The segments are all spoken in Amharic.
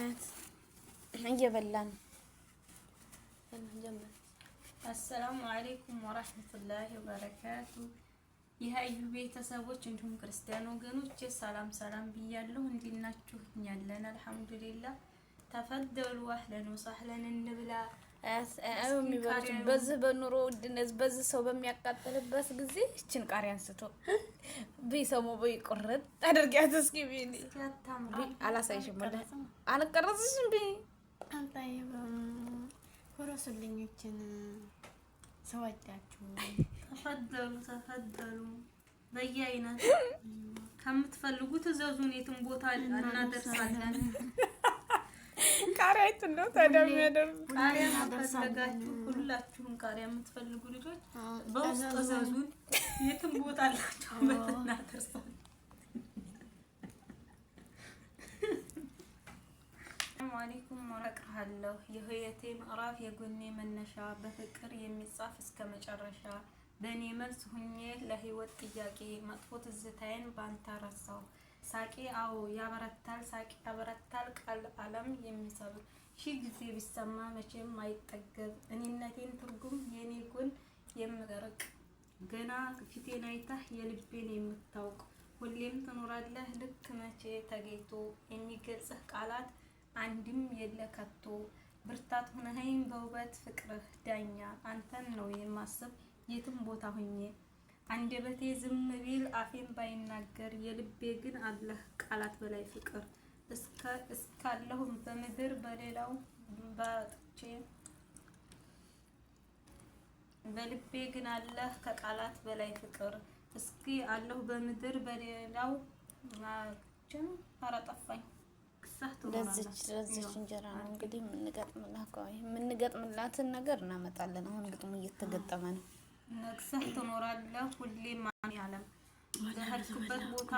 እየበላን አሰላሙ አሌይኩም ወራህመቱላሂ ወበረካቱ። የሀዩ ቤተሰቦች እንዲሁም ክርስቲያን ወገኖች ሰላም ሰላም ብያለሁ። እንዴት ናችሁ? እኛ አለን አልሐምዱሊላህ። ተፈደሉ አህለን ወሳህለን እንብላ። በዚህ በኑሮ ውድነት በዚህ ሰው በሚያቃጥልበት ጊዜ ይችን ቃሪያ አንስቶ ቢሰሙ በይ ቁርጥ አድርጊያት እስኪ አላሳይሽም አልቀረጽሽም ብ ሁረሱልኞችን ሰወዳችሁ ተፈደሉ ተፈደሉ በየአይነት ከምትፈልጉት እዘዙን የትም ቦታ እናደርሳለን። ካራይት ነው ታዲያ የሚያደርጉት? ቃሪያ ፈለጋችሁ ሁላችሁም ቃሪያ የምትፈልጉ ልጆች በውስጥ ዘዙን፣ የትም ቦታ አላችሁ በትና ተርሰው ወረቅሃለሁ የህየቴ ምዕራፍ የጎኔ መነሻ በፍቅር የሚጻፍ እስከ መጨረሻ በእኔ መልስ ሁኜ ለህይወት ጥያቄ መጥፎ ትዝታዬን ባንተ ረሳው ሳቄ አዎ ያበረታል ሳቄ ያበረታል ቃል አለም የሚሰብር ሺህ ጊዜ ቢሰማ መቼም አይጠገብ እኔነቴን ትርጉም የኔ ጎን የምረቅ ገና ፊቴን አይተህ የልቤን የምታውቅ ሁሌም ትኖራለህ ልክ መቼ ተገኝቶ የሚገልጽህ ቃላት አንድም የለ ከቶ ብርታት ሁነኸኝ በውበት ፍቅርህ ዳኛ አንተን ነው የማስብ የትም ቦታ ሁኜ አንደበቴ ዝም ቢል አፌን ባይናገር የልቤ ግን አለህ ቃላት በላይ ፍቅር እስካለሁ በምድር በሌላው ባጥቼ በልቤ ግን አለህ ከቃላት በላይ ፍቅር። እስኪ አለሁ በምድር በሌላው ማችን አረጠፋኝ ለዚች ለዚች እንጀራ ነው እንግዲህ የምንገጥምላት የምንገጥምላትን ነገር እናመጣለን። አሁን ግጥሙ እየተገጠመ ነው። ነግሰህ ትኖራለህ ሁሌ ማን ያለም በሄድክበት ቦታ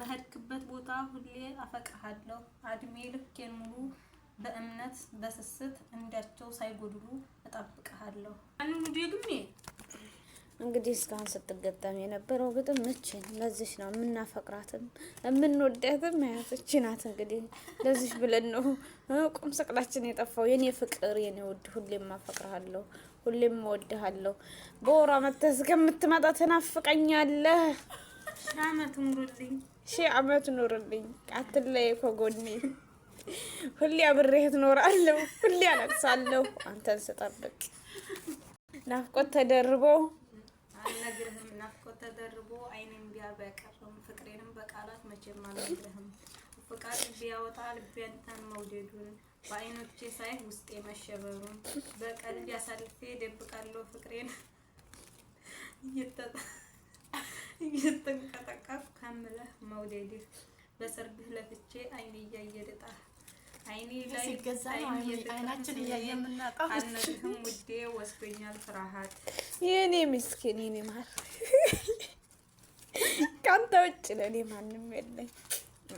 በሄድክበት ቦታ ሁሌ አፈቅሃለሁ። አድሜ ልኬን ሙሉ በእምነት በስስት እንዳቸው ሳይጎድሉ እጠብቅሃለሁ። እንግዲህ እስካሁን ስትገጠም የነበረው ግጥም ምችን ለዚሽ ነው የምናፈቅራትም የምንወዳትም ያቶች ናት። እንግዲህ ለዚሽ ብለን ነው ቁም ስቅላችን የጠፋው። የኔ ፍቅር የኔ ውድ ሁሌም አፈቅርሃለሁ፣ ሁሌም እወድሃለሁ። በወሯ መተህ እስከምትመጣ ትናፍቀኛለህ። ሺህ ዓመት ኑርልኝ፣ አትለይ ከጎኔ ሁሌ አብሬህ ትኖራለሁ ሁሌ አለቅሳለሁ አንተን ስጠብቅ። ናፍቆት ተደርቦ አልነግርህም፣ ናፍቆት ተደርቦ አይኔም ቢያ ፍቅሬንም በቃላት መቼም አልነግርህም። ፍቃድ ቢያወጣ ልቤ አንተን መውደዱን በአይኖቼ ሳይህ ውስጤ መሸበሩን በቀልድ አሳልፌ ደብቃለሁ ፍቅሬን እየተጣ እየተንቀጠቀፍ ከምለህ መውደድህ በሰርግህ ለፍቼ አይኔ እያየ አይኔ ላይ አይናችን እያየ የምናጣው አነግህም ውዴ ወስዶኛል ፍርሃት። የኔ ምስኪን የኔ ማር ከአንተ ውጭ ለእኔ ማንም የለኝ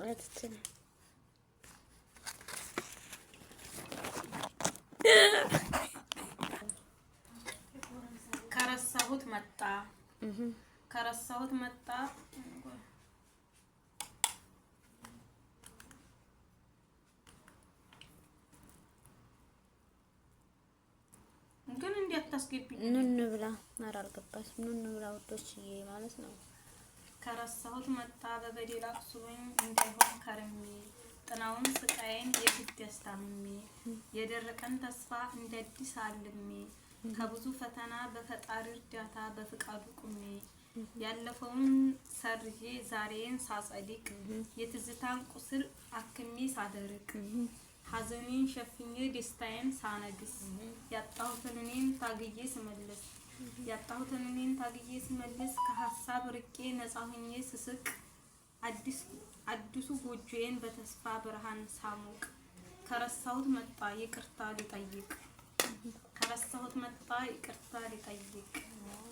ማለት ከረሳሁት መጣ ከረሳሁት መጣ። ግን እንዴት ታስገቢኝ? ኑኑ ብላ ኧረ ኑኑ ብላ ማለት ነው። ከረሳሁት መጣ በበደል እንዳይሆን ከርሜ ጥናውን የግድ ያስታምሜ የደረቀን ተስፋ እንደ አዲስ አልሜ ከብዙ ፈተና በፈጣሪ እርዳታ በፍቃዱ ቁሜ ያለፈውን ሰርዤ ዛሬን ሳጸድቅ የትዝታን ቁስል አክሜ ሳደርቅ ሐዘኔን ሸፍኜ ደስታዬን ሳነግስ ያጣሁትን እኔን ታግዬ ስመልስ ያጣሁትን እኔን ታግዬ ስመልስ ከሀሳብ ርቄ ነጻ ሁኜ ስስቅ አዲሱ ጎጆዬን በተስፋ ብርሃን ሳሞቅ ከረሳሁት መጣ ይቅርታ ሊጠይቅ ከረሳሁት መጣ ይቅርታ ሊጠይቅ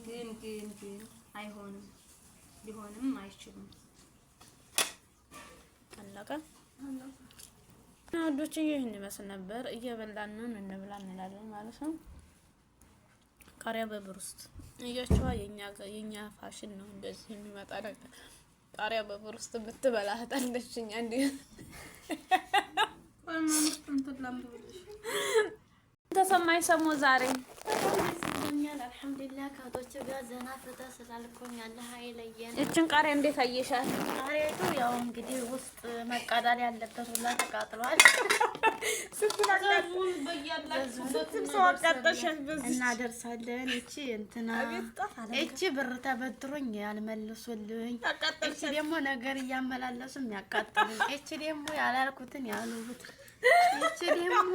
ግን ግን ግን አይሆንም፣ ሊሆንም አይችልም። አለቀ። ወዶች ይህን ይመስል ነበር። እየበላን እንብላ እንላለን ማለት ነው። ቃሪያ በብሩስት እያቸዋ የእኛ ፋሽን ነው እንደዚህ የሚመጣ ነገር። ቃሪያ በብሩስት ብትበላ ህጣለችኛ እንዲ ተሰማኝ ሰሞ ዛሬ ብሎኛል። አልሐምዱሊላህ ከእህቶች ጋር ዘና ፍታ ስላልኩኝ ያለ ሀይለየን። እችን ቃሪያ እንዴት አየሻል? ቃሪያቱ ያው እንግዲህ ውስጥ መቃጠል ያለበት ሁላ ተቃጥሏል። እናደርሳለን። እቺ እንትና እቺ ብር ተበድሮኝ ያልመልሱልኝ፣ እቺ ደግሞ ነገር እያመላለሱ የሚያቃጥሉኝ፣ እቺ ደግሞ ያላልኩትን ያሉት፣ እቺ ደግሞ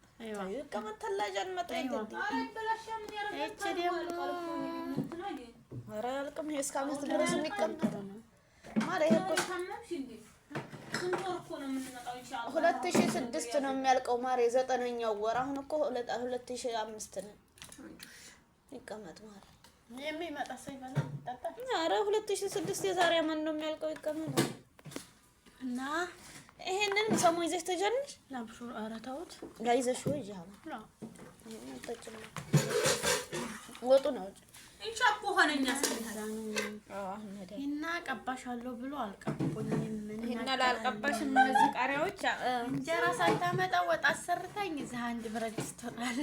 ሁለት ሺህ ስድስት ነው የሚያልቀው። ማሬ ዘጠነኛው ወር አሁን እኮ ሁለት ሺህ አምስት ነን። ይቀመጥ ማሬ የሚመጣ ሰው ይበላል ኧረ ሁለት ሺህ ስድስት የዛሬ ማን ነው የሚያልቀው? ይቀመጥ እና ይሄንን ሰሙ ይዘሽ ተጀንሽ ናብሹር አራታውት ተውት። ላይዘሽ ወይ ይሄ ነው ወጡ ነው ሆነኛ እና ቀባሻለሁ ብሎ አልቀቦኝም። እና ላልቀባሽ እነዚህ ቃሪያዎች እንጀራ ሳታመጣ ወጥ አሰርታኝ እዚህ አንድ ብረት ይስተራል።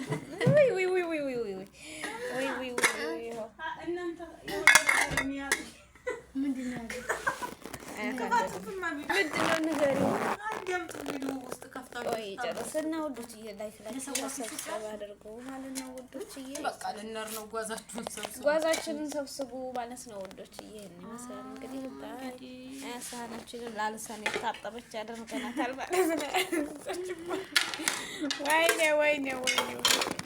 ወይ ወይ ወይ ወይ ወይ ወይ ወይ ወይ ወይ ምንድን ነው ንገሪው ጨረሰ እና ውዶችዬ ላይክ ላይክ ሰብሰብ ማለት ነው ውዶችዬ። በቃ ልንሄድ ነው። ጓዛችሁን ሰብስቡ፣ ጓዛችንን ሰብስቡ ማለት ነው ውዶችዬ። ይመስላል እንግዲህ ሳህናችንን ላልሰን የታጠበች ያደርገናታል ማለት ነው። ወይኔ ወይኔ ወይኔ